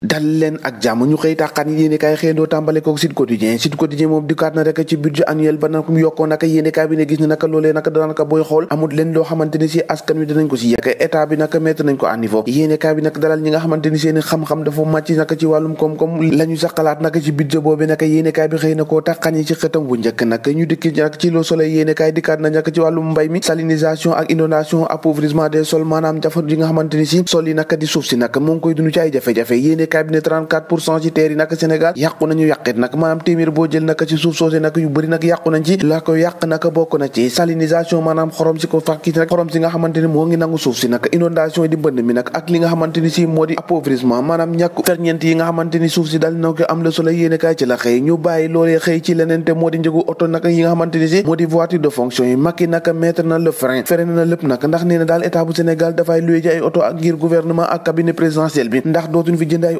dal leen ak jàmm ñu xëy tàqaat yi yéeni na ne kaay bi nag dalal ñi nga xamante ni seeni xam-xam dafa màcc naka ci wàllum koom naka ci kaay bi xëy na koo tàqan yi ci xëtam bu njëkk nag ñu dikki nag ci Le Soleil yéeni kaay dikkaat na naka ci wàllum mbay mi salinisation ak inondation appauvrissement des sols maanaam jafat si sol yi naka di suuf si yéenekaay bi ne 34 pour cent ci teer yi nag Sénégal yàqu nañu yàqit nag maanaam téeméer boo jël nag suuf soosé nag yu bëri nag yàqu suuf si nag inondation yi di mbënd mi nag ak li nga xamante si moo voiture de fonction yi Macky nag na le frein frein na lépp nag ndax nee daal état bu Sénégal dafay loué ji ay oto ak ngir gouvernement ak cabinet présidentiel bi ndax dootuñ fi jënd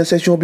ne session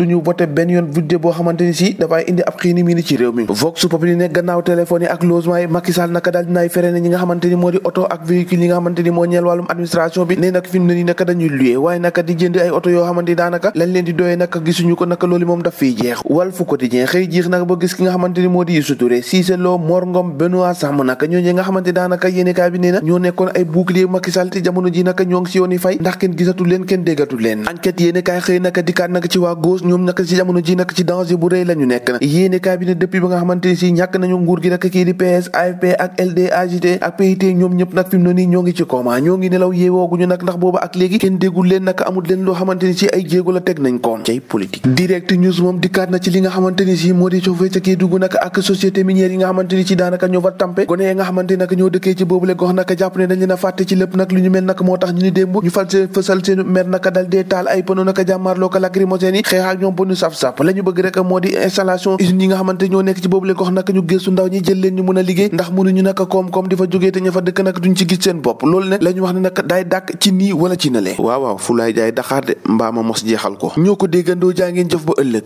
duñu voté benn yoon budget boo xamante si dafay indi ab xiini mii ci réew mi Vox Populi gannaaw téléphone yi ak logement yi naka daal dinaay fere ñi nga xamante moo di oto ak véhicule yi nga xamante moo ñeel wàllum administration bi nee nag fi naka dañuy luyee waaye naka di jënd ay oto yoo xamante daanaka lañ leen di doyee naka gisuñu ko naka loolu moom daf fi buy jeex Walf Quotidien xëy jiix nag ba gis ki nga xamante moo di Youssou Touré Cissé Lo Mor Ngom Benoît Sam naka ñooñu nga xamante daanaka yéenekaay bi na ñoo nekkoon ay i fay ndax kenn gisatul leen kenn déggatul leen enquête yéenekaay xëy naka dikkaat naka ci waa gauche ñoom naka si jamono ji naka ci danger bu rëy la nekk na yéenekaay bi ne depuis ba nga xamante ni si nañu nguur gi naka kii di PS AFP ak LD AJT ak PIT ñoom ñëpp nag fi mu ñoo ngi ci coma ñoo ngi nelaw yeewooguñu nag ndax booba ak léegi kenn déggul moom dikkaat na ci li nga xamante ni si moo di cofe ca Kédougou nag ak société minière yi nga xamante ni si daanaka ñoo fa tampe gone yi nga xamante nag ñoo dëkkee ci boobule ne dañ leen a fàtte ci lépp nag lu ñu mel nag moo tax ñu ni naka a liggéey ndax mënuñu naka daay dàkk ci nii wala ci na lee fu laay jaay daxaar de mbaama mos jeexal ko ñoo ko déggandoo jaa ngeen jëf ba ëllëg